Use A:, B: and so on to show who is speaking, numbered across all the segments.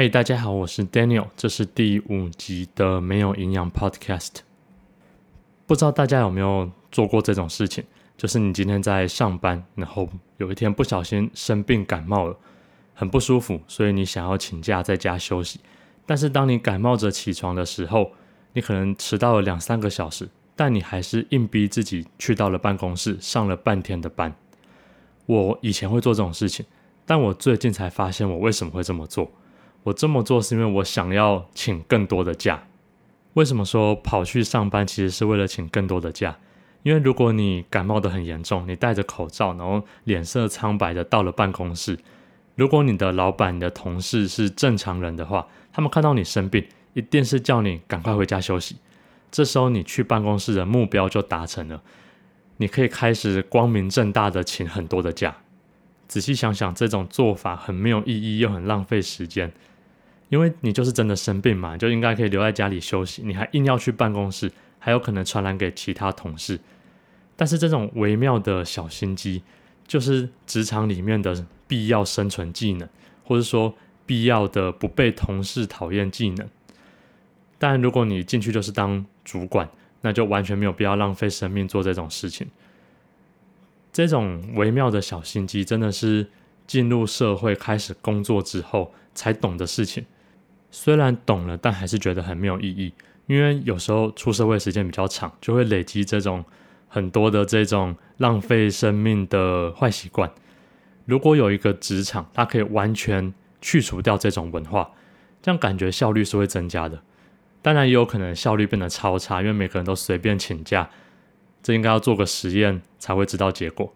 A: 嗨、hey，大家好，我是 Daniel，這是第五集的沒有營養 Podcast。不知道大家有沒有做過這種事情？就是你今天在上班，然後有一天不小心生病感冒了，很不舒服，所以你想要請假在家休息。但是當你感冒着起床的時候，你可能遲到了兩三個小時，但你還是硬逼自己去到了辦公室，上了半天的班。我以前會做這種事情，但我最近才發現我為什麼會這麼做。我這麼做是因為我想要請更多的假。為什麼說跑去上班其實是為了請更多的假？因為如果你感冒的很嚴重，你戴着口罩，然後臉色蒼白的到了辦公室，如果你的老闆、你的同事是正常人的話，他們看到你生病，一定是叫你趕快回家休息。這時候你去辦公室的目標就達成了，你可以開始光明正大的請很多的假。仔細想想，這種做法很沒有意義，又很浪費時間。因為你就是真的生病嘛，就應該可以留在家裡休息。你還硬要去辦公室，還有可能傳染給其他同事。但是這種微妙的小心機，就是職場裡面的必要生存技能，或是說必要的不被同事討厭技能。但如果你進去就是當主管，那就完全沒有必要浪費生命做這種事情。這種微妙的小心機，真的是進入社會開始工作之後才懂的事情。雖然懂了，但還是覺得很沒有意義。因為有時候出社會時間比較長，就會累積這種很多的這種浪費生命的壞習慣。如果有一個職場，它可以完全去除掉這種文化，這樣感覺效率是會增加的。當然也有可能效率變得超差，因為每個人都隨便請假。這應該要做個實驗才會知道結果。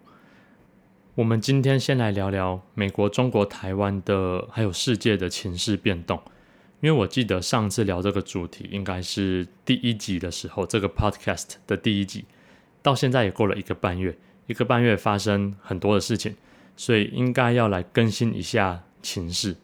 A: 我們今天先來聊聊美國、中國、台灣的，還有世界的情勢變動。因為我記得上次聊這個主題應該是第一集的時候，這個 podcast 的第一集，到現在也過了一個半月，一個半月發生很多的事情，所以應該要來更新一下情勢。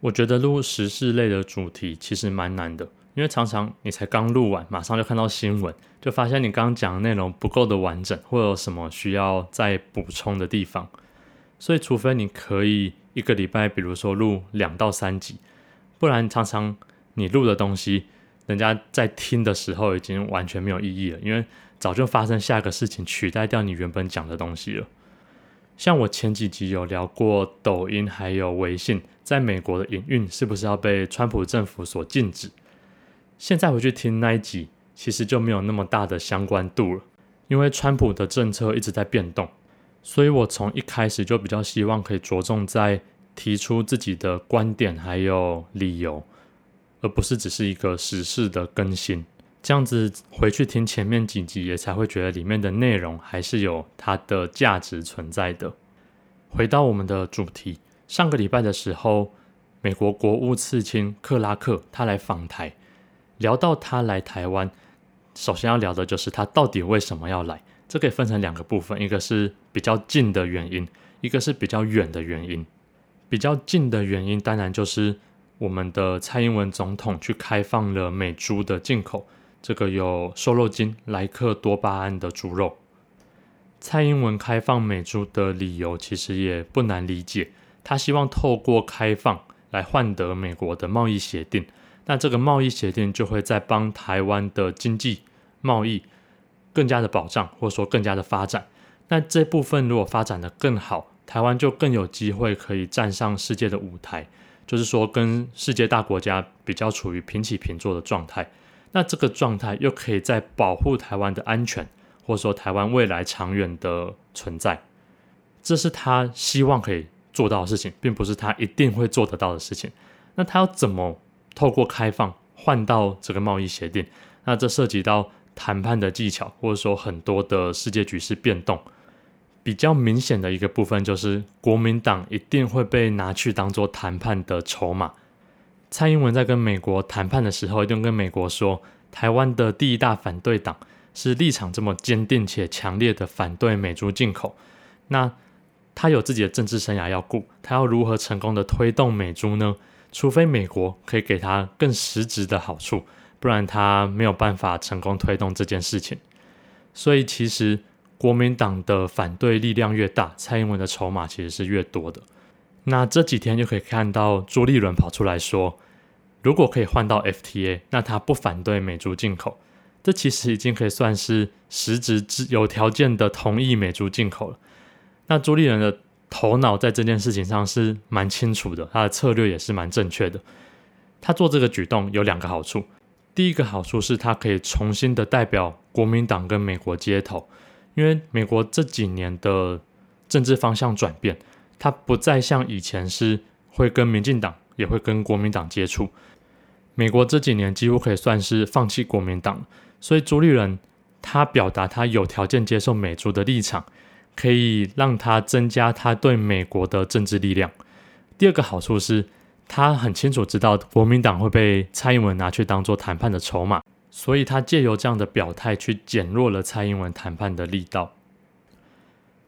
A: 我覺得錄時事類的主題其實蠻難的。因為常常你才剛錄完，馬上就看到新聞，就發現你剛剛講的內容不夠的完整，或有什麼需要再補充的地方。所以，除非你可以一個禮拜，比如說錄兩到三集，不然常常你錄的東西，人家在聽的時候已經完全沒有意義了，因為早就發生下一個事情，取代掉你原本講的東西了。像我前幾集有聊過抖音還有微信在美國的營運，是不是要被川普政府所禁止？現在回去聽那一集，其實就沒有那麼大的相關度了，因為川普的政策一直在變動，所以我從一開始就比較希望可以着重在提出自己的觀點還有理由，而不是只是一個時事的更新。這樣子回去聽前面幾集，也才會覺得裡面的內容還是有它的價值存在的。回到我們的主題，上個禮拜的時候，美國國務次卿克拉克他來訪台。聊到他來台灣，首先要聊的就是他到底為什麼要來。這可以分成兩個部分，一個是比較近的原因，一個是比較遠的原因。比較近的原因，當然就是我們的蔡英文總統去開放了美豬的進口，這個有瘦肉精、萊克多巴胺的豬肉。蔡英文開放美豬的理由其實也不難理解，他希望透過開放來換得美國的貿易協定。那這個貿易協定就會在幫台灣的經濟貿易更加的保障，或者說更加的發展。那這部分如果發展得更好，台灣就更有機會可以站上世界的舞台，就是說跟世界大國家比較處於平起平坐的狀態。那這個狀態又可以在保護台灣的安全，或者說台灣未來長遠的存在，這是他希望可以做到的事情，並不是他一定會做得到的事情。那他要怎麼？透過開放換到這個貿易協定，那這涉及到談判的技巧，或者說很多的世界局勢變動。比較明顯的一個部分就是，國民黨一定會被拿去當做談判的籌碼。蔡英文在跟美國談判的時候，一定跟美國說，台灣的第一大反對黨是立場這麼堅定且強烈地反對美豬進口。那他有自己的政治生涯要顧，他要如何成功地推動美豬呢？除非美國可以給他更實質的好處，不然他沒有辦法成功推動這件事情。所以，其實國民黨的反對力量越大，蔡英文的籌碼其實是越多的。那這幾天就可以看到朱立倫跑出來說，如果可以換到 FTA，那他不反對美豬進口。這其實已經可以算是實質有條件的同意美豬進口了。那朱立倫的頭腦在這件事情上是蠻清楚的，他的策略也是蠻正確的。他做這個舉動有兩個好處，第一個好處是他可以重新的代表國民黨跟美國接頭，因為美國這幾年的政治方向轉變，他不再像以前是會跟民進黨也會跟國民黨接觸。美國這幾年幾乎可以算是放棄國民黨，所以朱立倫他表達他有條件接受美豬的立場，可以讓他增加他對美國的政治力量。第二個好處是，他很清楚知道國民黨會被蔡英文拿去當做談判的籌碼，所以他借由這樣的表態去減弱了蔡英文談判的力道。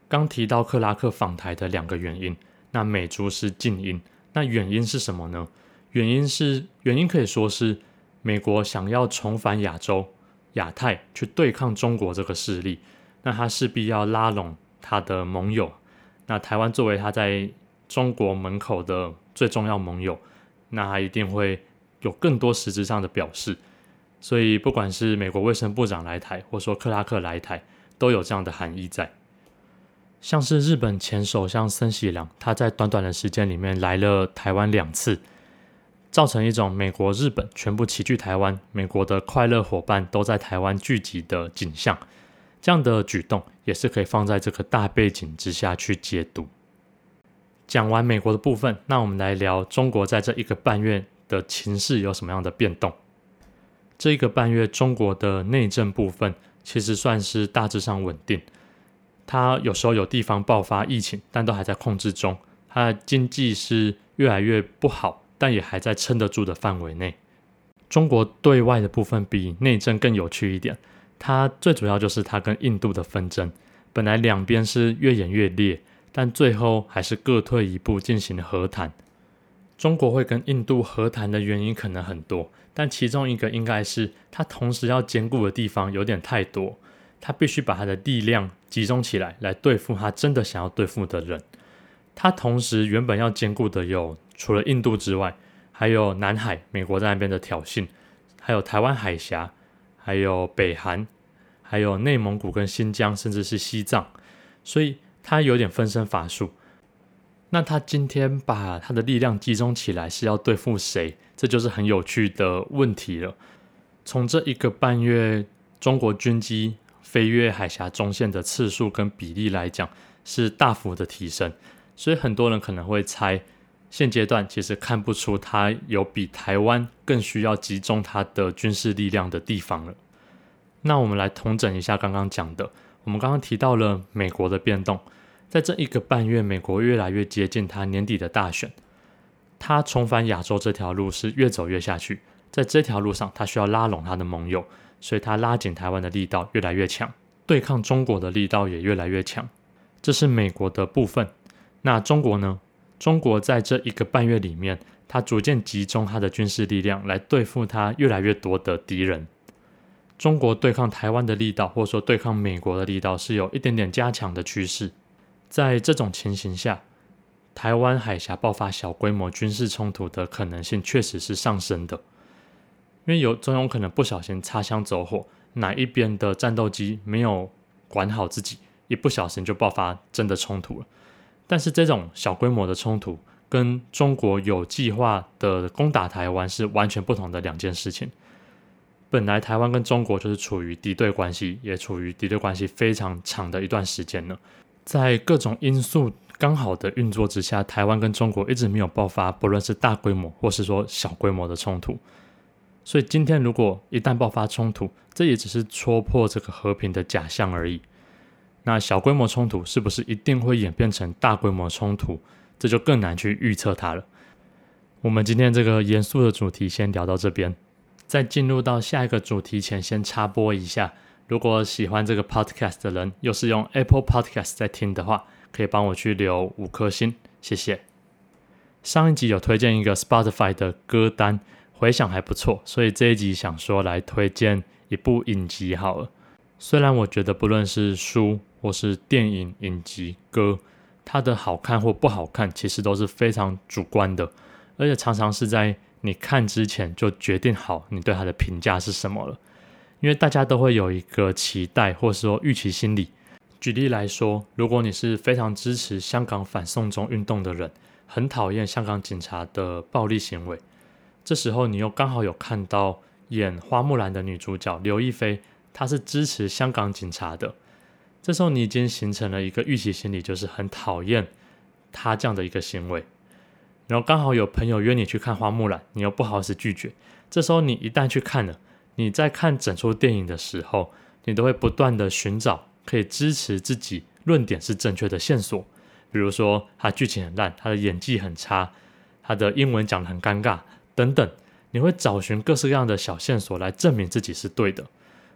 A: 剛提到克拉克訪台的兩個原因，那美豬是近因，那遠因是什麼呢？原因是原因可以說是美國想要重返亞洲、亞太去對抗中國這個勢力，那他勢必要拉攏。他的盟友，那台灣作為他在中國門口的最重要盟友，那他一定會有更多實質上的表示。所以，不管是美國衛生部長來台，或說克拉克來台，都有這樣的含義在。像是日本前首相森喜朗，他在短短的時間裡面來了台灣兩次，造成一種美國、日本全部齊聚台灣，美國的快樂伙伴都在台灣聚集的景象。這樣的舉動也是可以放在這個大背景之下去解讀。講完美國的部分，那我們來聊中國在這一個半月的情勢有什麼樣的變動。這一個半月，中國的內政部分其實算是大致上穩定。它有時候有地方爆發疫情，但都還在控制中。它的經濟是越來越不好，但也還在撐得住的範圍內。中國對外的部分比內政更有趣一點。它最主要就是它跟印度的紛爭，本來兩邊是越演越烈，但最後還是各退一步進行和談。中國會跟印度和談的原因可能很多，但其中一個應該是他同時要兼顧的地方有點太多，他必須把他的力量集中起來來對付他真的想要對付的人。他同時原本要兼顧的有，除了印度之外，還有南海、美國在那邊的挑釁，還有台灣海峽。還有北韓，還有內蒙古跟新疆，甚至是西藏，所以他有點分身乏術。那他今天把他的力量集中起來是要對付誰？這就是很有趣的問題了。從這一個半月中國軍機飛越海峽中線的次數跟比例來講，是大幅的提升，所以很多人可能會猜。現階段其實看不出它有比台灣更需要集中它的軍事力量的地方了。那我們來統整一下剛剛講的，我們剛剛提到了美國的變動，在這一個半月，美國越來越接近它年底的大選，它重返亞洲這條路是越走越下去，在這條路上，它需要拉攏它的盟友，所以它拉緊台灣的力道越來越強，對抗中國的力道也越來越強，這是美國的部分。那中國呢？中國在這一個半月裡面，他逐漸集中他的軍事力量來對付他越來越多的敵人。中國對抗台灣的力道，或者說對抗美國的力道，是有一點點加強的趨勢。在這種情形下，台灣海峽爆發小規模軍事衝突的可能性確實是上升的，因為有總有可能不小心擦槍走火，哪一邊的戰鬥機沒有管好自己，一不小心就爆發真的衝突了。但是這種小規模的衝突跟中國有計劃的攻打台灣是完全不同的兩件事情。本來台灣跟中國就是處於敵對關係，也處於敵對關係非常長的一段時間了。在各種因素剛好的運作之下，台灣跟中國一直沒有爆發，不論是大規模或是說小規模的衝突。所以今天如果一旦爆發衝突，這也只是戳破這個和平的假象而已。那小規模衝突是不是一定會演變成大規模衝突？這就更難去預測它了。我們今天這個嚴肅的主題先聊到這邊，再進入到下一個主題前，先插播一下：如果喜歡這個 podcast 的人，又是用 Apple Podcast 在聽的話，可以幫我去留五顆星，謝謝。上一集有推薦一個 Spotify 的歌單，回響還不錯，所以這一集想說來推薦一部影集好了。雖然我覺得不論是書，或是電影影集歌，它的好看或不好看，其實都是非常主觀的，而且常常是在你看之前就決定好你對它的評價是什麼了。因為大家都會有一個期待，或是說預期心理。舉例來說，如果你是非常支持香港反送中運動的人，很討厭香港警察的暴力行為，這時候你又剛好有看到演花木蘭的女主角劉亦菲，她是支持香港警察的。這時候你已經形成了一個預期心理，就是很討厭他這樣的一個行為。然後剛好有朋友約你去看花木蘭，你又不好意思拒絕。這時候你一旦去看了，你在看整出電影的時候，你都會不斷的尋找可以支持自己論點是正確的線索，比如說他劇情很爛，他的演技很差，他的英文講的很尷尬等等，你會找尋各式各樣的小線索來證明自己是對的。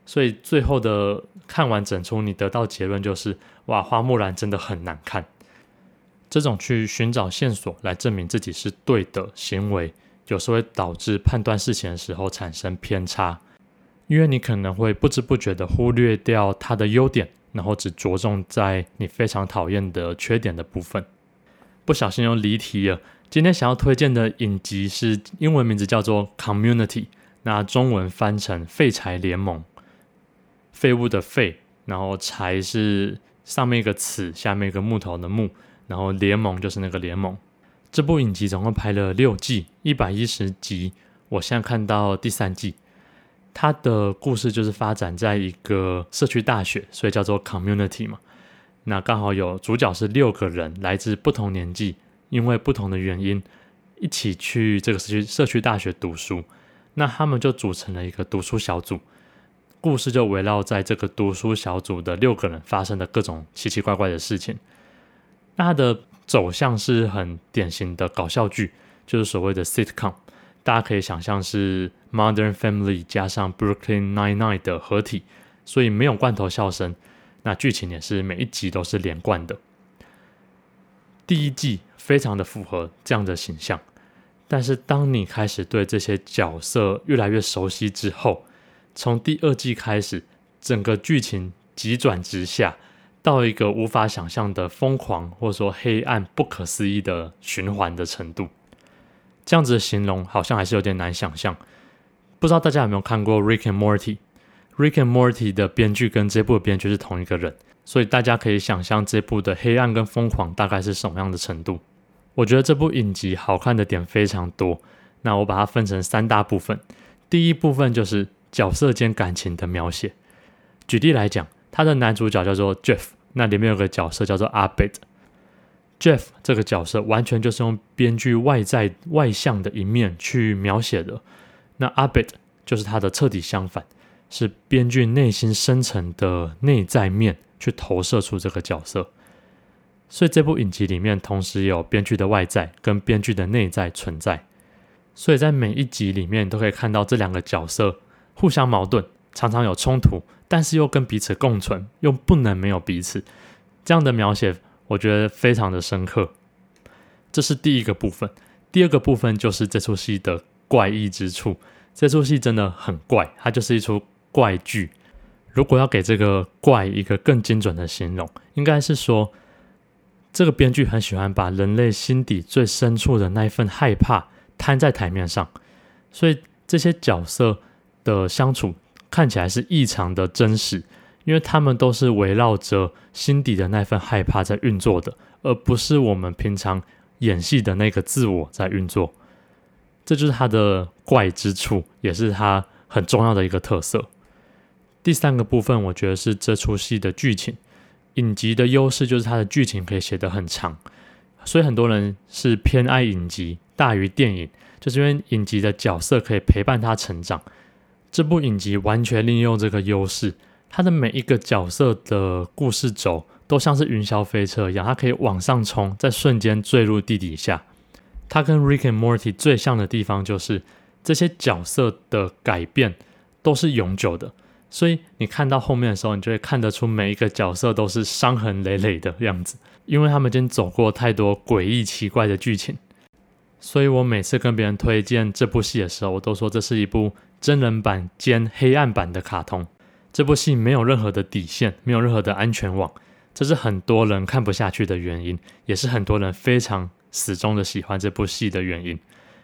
A: 所以最後的看完整出，你得到結論就是：哇，花木蘭真的很難看。這種去尋找線索來證明自己是對的行為，有時候會導致判斷事情的時候產生偏差，因為你可能會不知不覺的忽略掉它的優點，然後只着重在你非常討厭的缺點的部分。不小心又離題了。今天想要推薦的影集是英文名字叫做《Community》，那中文翻成《廢柴聯盟》。廢物的廢，然後柴是上面一個“此”，下面一個木頭的“木”，然後聯盟就是那個聯盟。這部影集總共拍了六季，一百一十集。我現在看到第三季，它的故事就是發展在一個社區大學，所以叫做 Community 嘛。那剛好有主角是六個人，來自不同年紀，因為不同的原因，一起去這個社區社區大學讀書。那他們就組成了一個讀書小組。故事就圍繞在這個讀書小組的六個人發生的各種奇奇怪怪的事情。那它的走向是很典型的搞笑劇，就是所謂的 sitcom。大家可以想象是《Modern Family》加上《Brooklyn Nine-Nine》的合體，所以沒有罐頭笑聲。那劇情也是每一集都是連貫的。第一季非常的符合這樣的形象，但是當你開始對這些角色越來越熟悉之後，從第二季開始，整個劇情急轉直下，到一個無法想象的瘋狂，或者說黑暗、不可思議的循環的程度。這樣子的形容好像還是有點難想象。不知道大家有沒有看過《Rick and Morty》？《Rick and Morty》的編劇跟這部編劇是同一個人，所以大家可以想象這部的黑暗跟瘋狂大概是什麼樣的程度。我覺得這部影集好看的點非常多。那我把它分成三大部分。第一部分就是，角色間感情的描寫，舉例來講，他的男主角叫做 Jeff，那裡面有個角色叫做 Abed。Jeff 這個角色完全就是用編劇外在外向的一面去描寫的，那 Abed 就是他的徹底相反，是編劇內心深層的內在面去投射出這個角色。所以這部影集裡面同時有編劇的外在跟編劇的內在存在，所以在每一集裡面都可以看到這兩個角色，互相矛盾，常常有衝突，但是又跟彼此共存，又不能沒有彼此。這樣的描寫，我覺得非常的深刻。這是第一個部分。第二個部分就是這齣戲的怪異之處。這齣戲真的很怪，它就是一齣怪劇。如果要給這個“怪”一個更精準的形容，應該是說，這個編劇很喜歡把人類心底最深處的那一份害怕攤在台面上，所以這些角色的相處看起來是異常的真實，因為他們都是圍繞着心底的那份害怕在運作的，而不是我們平常演戲的那個自我在運作。這就是他的怪之處，也是他很重要的一個特色。第三個部分，我覺得是這出戲的劇情，影集的優勢就是它的劇情可以寫得很長，所以很多人是偏愛影集大於電影，就是因為影集的角色可以陪伴他成長。這部影集完全利用這個優勢，它的每一個角色的故事軸都像是雲霄飛車一樣，它可以往上衝，在瞬間墜入地底下。它跟《Rick and Morty》最像的地方就是這些角色的改變都是永久的，所以你看到後面的時候，你就會看得出每一個角色都是傷痕累累的樣子，因為他們已經走過太多詭異奇怪的劇情。所以我每次跟別人推薦這部戲的時候，我都說這是一部，真人版兼黑暗版的卡通，這部戲沒有任何的底線，沒有任何的安全網，這是很多人看不下去的原因，也是很多人非常死忠的喜歡這部戲的原因。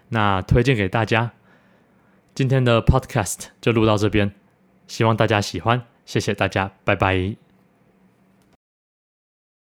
A: 那推薦給大家，今天的 Podcast 就錄到這邊，希望大家喜歡，謝謝大家，拜拜。